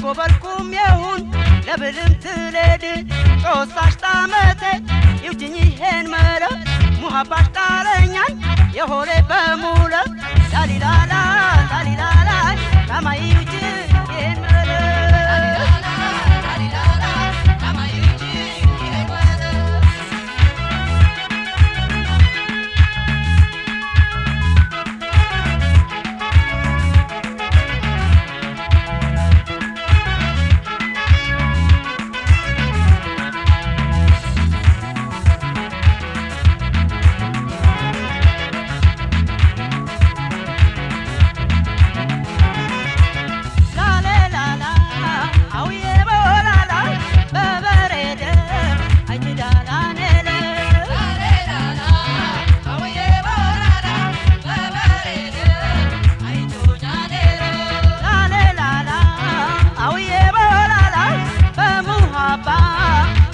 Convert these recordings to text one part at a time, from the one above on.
በልኩም የሁን ለብልም ትሌድ ጦሳሽ ጣመቴ ይውጅኝ ይሄን መረ ሙሃባሽ ጣረኛል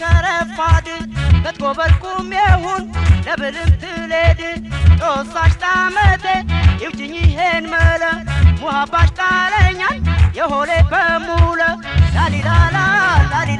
ከረፋድ ከትጎበር ቁሜ ሁን ለብልም ትሌድ ጦሳሽ ጣመቴ ይውጭኝ ይሄን መለ ሙሃባሽ ጣለኛል የሆሌ በሙለ ላሊላላ ላሊላ